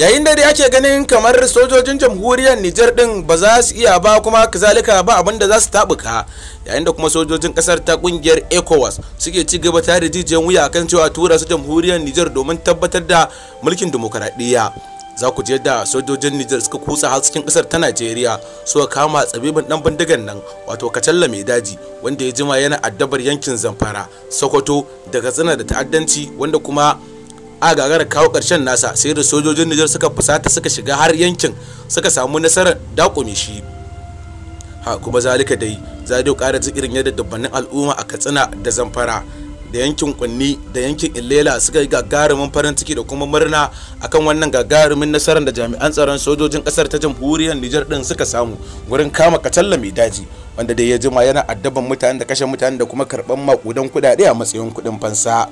yayin da dai ake ganin kamar sojojin jamhuriyar nijar din ba za su iya ba kuma kazalika ba abin da za su tabuka yayin da kuma sojojin kasar ta kungiyar ecowas suke ci gaba ta da jijiyan wuya kan cewa tura su jamhuriyar nijar domin tabbatar da mulkin demokaradiyya za ku je da sojojin nijar suka kusa har cikin kasar ta najeriya suka kama tsabibin dan bindigan nan wato kacalla mai daji wanda ya jima yana addabar yankin zamfara sokoto da katsina da ta'addanci wanda kuma a gagarar kawo karshen nasa sai da sojojin Nijar suka fusata suka shiga har yankin suka samu nasarar dakome shi ha kuma zalika dai za dai ƙara irin yadda dubbanin al'umma a Katsina da Zamfara da yankin kunni da yankin illela suka yi gagarumin farin ciki da kuma murna akan wannan gagarumin nasarar da jami'an tsaron sojojin kasar ta jamhuriyar nijar din suka samu wurin kama katalla mai daji wanda da ya jima yana addaban mutanen da kashe mutanen da kuma karban makudan kuɗaɗe a matsayin kuɗin fansa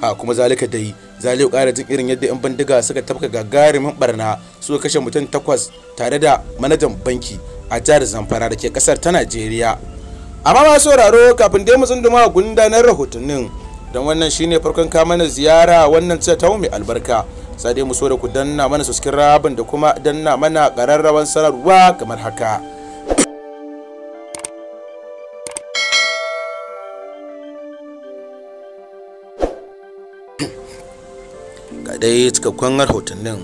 a kuma zalika dai zaliyu ƙara jin irin yadda 'yan bandiga suka tafka gagarumin barna suka kashe mutum takwas tare da manajan banki a jihar zamfara da ke kasar ta najeriya amma ma sauraro kafin dai mu tsunduma gundanar rahotannin don wannan shine farkon kamana ziyara wannan ce ta mai albarka sai dai mu so da ku danna mana rabin, da kuma danna mana ƙararrawan sanarwa kamar haka ga dai cikakkun rahotannin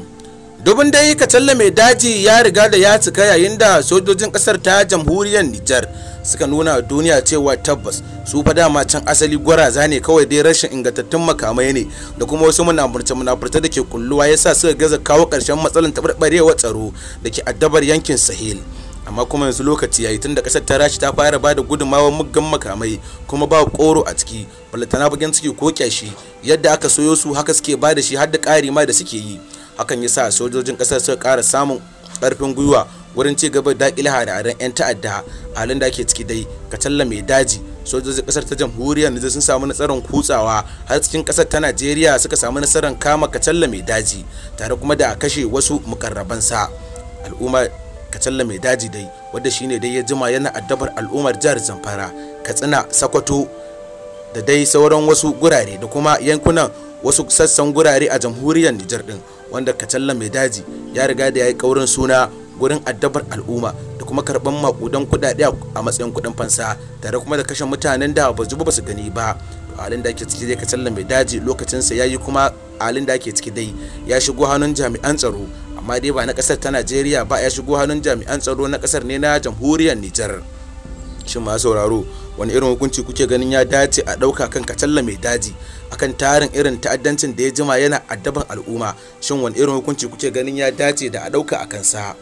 dubin dai ka talla mai daji ya riga da ya cika yayin da sojojin kasar ta jamhuriyar nijar suka nuna duniya cewa tabbas su fa dama can asali gwaraza ne kawai dai rashin ingantattun makamai ne da kuma wasu munafurce munafurce da ke kulluwa sa suka gaza kawo ƙarshen matsalar taɓarɓarewar tsaro da ke addabar yankin sahel amma kuma yanzu lokaci yayi tunda kasar ta rashi ta fara bada gudummawa muggan makamai kuma ba koro a ciki balatana bagen ciki ko kyashi yadda aka soyo su haka suke bada shi har da ƙari ma da suke yi hakan yasa sojojin kasar suka ƙara samun ƙarfin gwiwa wurin ci gaba da daƙile hada haren 'yan ta'adda halin da ake ciki dai ka talla mai daji sojojin kasar ta jamhuriyar nijar sun samu nasarar kutsawa har cikin kasar ta najeriya suka samu nasarar kama ka talla mai daji tare kuma da kashe wasu mukarrabansa al'umma kacalla mai daji dai wadda shine dai ya jima yana addabar al'ummar jihar zamfara katsina sakwato da dai sauran wasu gurare da kuma yankunan wasu sassan gurare a jamhuriyar nijar din wanda kacalla mai daji ya riga da ya yi kaurin suna gurin addabar al'umma da kuma karban makudan kudade a matsayin kudin fansa tare kuma da kashe mutanen da ba ba su gani ba halin da ake ciki dai kacalla mai daji lokacinsa ya yi kuma halin da ake ciki dai ya shigo hannun jami'an tsaro amma dai ba na kasar ta najeriya ba ya shigo hannun jami'an tsaro na kasar ne na jamhuriyar nijar shin ma sauraro wani irin hukunci kuke ganin ya dace a ɗauka kan katalla mai daji akan tarin irin ta'addancin da ya jima yana addaban al'umma shin wani irin hukunci kuke ganin ya dace da a ɗauka a kansa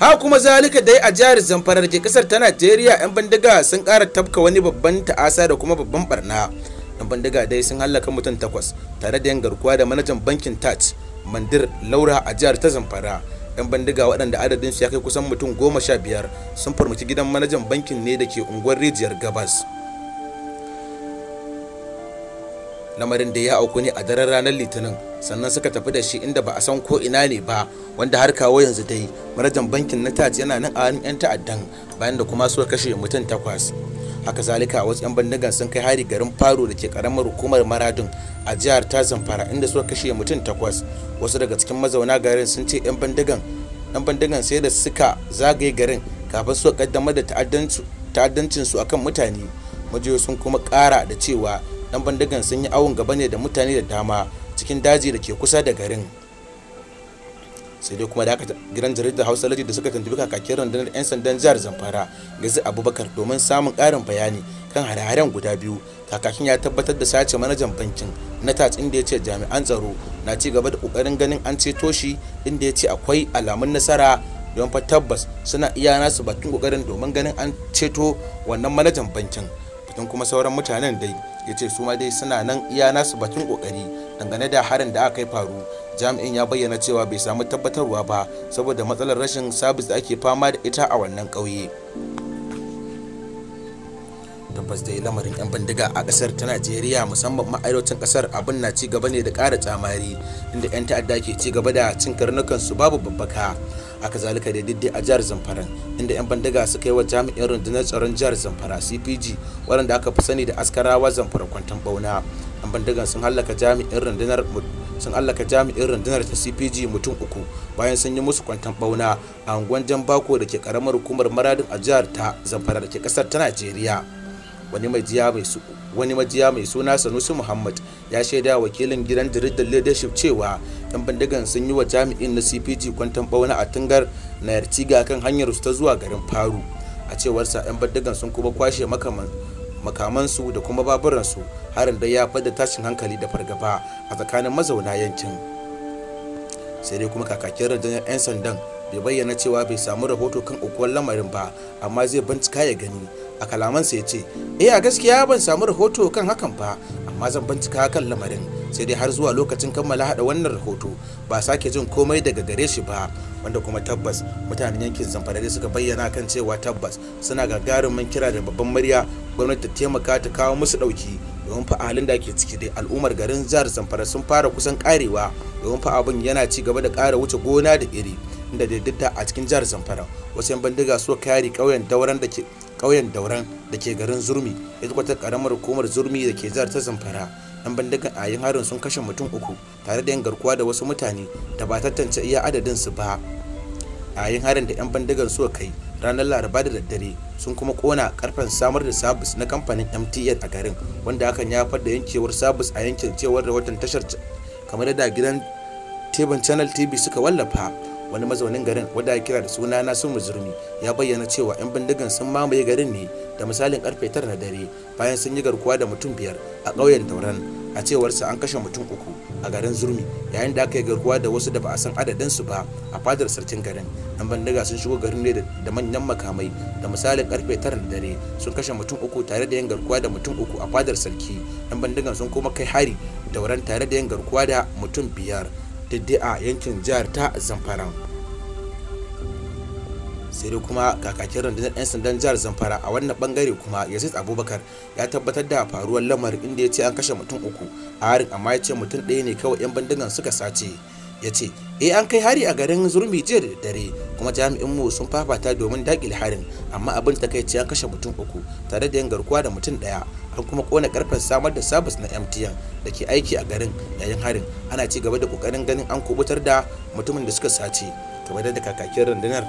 ha kuma zalika dai a jihar zamfarar ke kasar ta najeriya 'yan bandiga sun ƙara tafka wani babban ta'asa da kuma babban barna 'yan bandiga dai sun hallaka mutum takwas tare da 'yan garkuwa da manajan bankin taj mandir laura a jihar ta zamfara yan bandiga waɗanda adadinsu ya kai kusan mutum goma sha biyar sun farmaki gidan manajan bankin ne da ke unguwar rijiyar gabas lamarin da ya auku ne a daren ranar litinin sannan suka tafi da shi inda ba a san ko ina ne ba wanda har kawo yanzu dai manajan bankin na taj yana nan a hannun 'yan ta'addan bayan da kuma suka kashe mutum takwas haka zalika wasu 'yan bandagan sun kai hari garin faro da ke karamar hukumar maradun a jihar ta zamfara inda suka kashe mutum takwas wasu daga cikin mazauna garin sun ce 'yan bandagan yan bandagan sai da suka zagaye garin kafin suka kaddamar da ta'addancin su akan mutane majiyo sun kuma kara da cewa yan bandagan sun yi awon gaba ne da mutane da dama cikin daji da ke kusa da garin sai dai kuma dakata gidan jaridar hausa ladi da suka tuntubi kakakin rundunar 'yan sandan jihar zamfara gazi abubakar domin samun ƙarin bayani kan hare-haren guda biyu kakakin ya tabbatar da sace manajan bankin na tats inda ya ce jami'an tsaro na ci gaba da kokarin ganin an ceto shi inda ya ce akwai alamun nasara don fa tabbas suna iya nasu bakin kokarin domin ganin an ceto wannan manajan bankin batun kuma sauran mutanen dai ya ce su ma dai suna nan iya nasu bakin kokari dangane da harin da aka yi faru jami'in ya bayyana cewa bai samu tabbatarwa ba saboda matsalar rashin sabis da ake fama da ita a wannan ƙauye tabbas dai lamarin 'yan bindiga a kasar ta najeriya musamman ma'aikatan kasar abin na ci gaba ne da kara tsamari inda 'yan ta'adda ke ci da cin karnukan su babu babbaka haka zalika da diddi a jihar zamfara inda 'yan bandiga suka yi wa jami'in rundunar tsaron jihar zamfara cpg waɗanda aka fi sani da askarawa zamfara kwantan bauna 'yan bandigan sun hallaka jami'in rundunar sun allaka jami'in rundunar ta cpg mutum uku bayan sun yi musu kwantan bauna a unguwan jan bako da ke karamar hukumar maradin a jihar ta zamfara da ke kasar ta najeriya wani majiya mai suna sanusi muhammad ya shaida wakilin gidan jaridar leadership cewa 'yan bindigan sun yi wa jami'in na cpg kwantan bauna a tungar na yartiga kan hanyar su ta zuwa garin faru a cewarsa 'yan bindigan sun kuma kwashe makaman makamansu da kuma baburansu harin da ya fada tashin hankali da fargaba a tsakanin mazauna yankin sai dai kuma kakakin rundunar 'yan sandan bai bayyana cewa bai samu rahoto kan ukuwar lamarin ba amma zai bincika ya gani a kalamansa ya ce eh a gaskiya ban samu rahoto kan hakan ba amma zan bincika kan lamarin sai dai har zuwa lokacin kammala hada wannan rahoto ba sake jin komai daga gare shi ba wanda kuma tabbas mutanen yankin zamfarare suka bayyana kan cewa tabbas suna man kira da babban murya gwamnati ta taimaka ta kawo musu dauki domin fa halin da ke ciki dai al'ummar garin jihar zamfara sun fara kusan karewa domin fa abin yana ci gaba da kara wuce gona da iri inda daidaita a cikin jihar zamfara wasu 'yan bindiga suka kare ƙauyen dauran da ke ƙauyen dauran da ke garin zurmi ita kwata ƙaramar hukumar zurmi da ke jihar ta zamfara 'yan bindigan a yin harin sun kashe mutum uku tare da yin garkuwa da wasu mutane da ba tantance iya adadin su ba a yin harin da 'yan bindigan suka kai ranar laraba da daddare sun kuma kona karfen samar da sabis na kamfanin mtn a garin wanda hakan ya fadda da yankewar sabis a yankin cewar da watan tashar kamar da gidan teban channel tv suka wallafa wani mazaunin garin wanda ya kira da suna nasu muzurmi ya bayyana cewa 'yan bindigan sun mamaye garin ne da misalin karfe tara na dare bayan sun yi garkuwa da mutum biyar a ƙauyen tauran a cewar cewarsa an kashe mutum uku a garin zurmi yayin da aka yi garkuwa da wasu da ba a san su ba a fadar sarkin garin yan bindiga sun shigo garin ne da manyan makamai da misalin karfe tara na dare sun kashe mutum uku tare da yin garkuwa da mutum uku a fadar sarki yan bindigan sun kuma kai hari dauran tare da yin garkuwa da mutum biyar diddi a yankin jihar ta zamfara sai dai kuma kakakin rundunar 'yan sandan jihar zamfara a wannan bangare kuma yazid abubakar ya tabbatar da faruwar lamarin inda ya ce an kashe mutum uku a harin amma ya ce mutum ɗaya ne kawai 'yan bindigan suka sace ya ce eh an kai hari a garin zurmi jiya da daddare kuma jami'in mu sun fafata domin dakile harin amma abin ta takaici an kashe mutum uku tare da yin garkuwa da mutum ɗaya an kuma kona karfen samar da sabis na MTN da ke aiki a garin yayin harin ana ci gaba da kokarin ganin an kubutar da mutumin da suka sace kamar da kakakin rundunar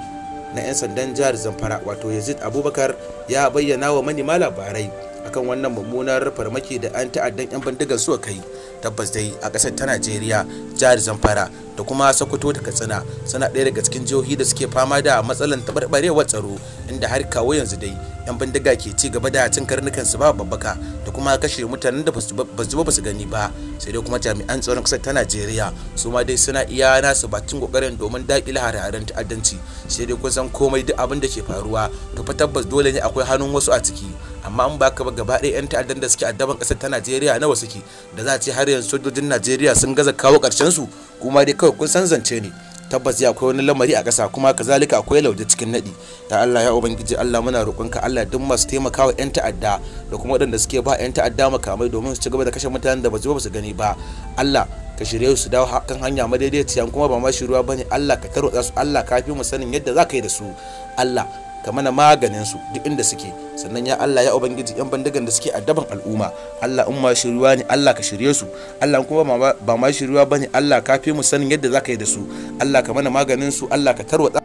na 'yan sandan jihar zamfara wato yazid abubakar ya bayyana wa manema labarai akan wannan mummunar farmaki da an ta'addan 'yan bindigar suka kai tabbas dai a kasar ta najeriya jihar zamfara da kuma sokoto da katsina suna ɗaya daga cikin jihohi da suke fama da matsalan taɓarɓarewar tsaro inda har kawo yanzu dai yan bindiga ke ci gaba da cin karnukan su ba babbaka da kuma kashe mutanen da ba su ba su gani ba sai dai kuma jami'an tsaron kasar ta najeriya su ma dai suna iya nasu batun kokarin domin daƙile hare-haren ta'addanci sai dai kun san komai duk abin da ke faruwa to fa tabbas dole ne akwai hannun wasu a ciki amma in baka ba gaba ɗaya yan ta'addan da suke addaban ƙasar ta Najeriya nawa suke da za a ce har yanzu sojojin Najeriya sun gaza kawo ƙarshen su kuma dai kawai kun san zance ne tabbas ya akwai wani lamari a ƙasa kuma kazalika akwai lauje cikin naɗi ta Allah ya ubangiji Allah muna roƙonka Allah duk masu taimakawa yan ta'adda da kuma waɗanda suke ba yan ta'adda makamai domin su ci gaba da kashe mutanen da ba su ba su gani ba Allah ka shirye su dawo kan hanya madaidaiciya kuma ba ma shiruwa bane Allah ka tarwatsa su Allah ka fi mu sanin yadda za ka yi da su Allah ka mana maganin su duk inda suke sannan ya Allah ya ubangiji yan bandigan da suke a daban al'umma Allah in ma shiruwa ne Allah ka shirye su Allah kuma ba ma shiruwa bane Allah ka fi mu sanin yadda zaka yi da su Allah ka mana maganin su Allah ka tarwatsa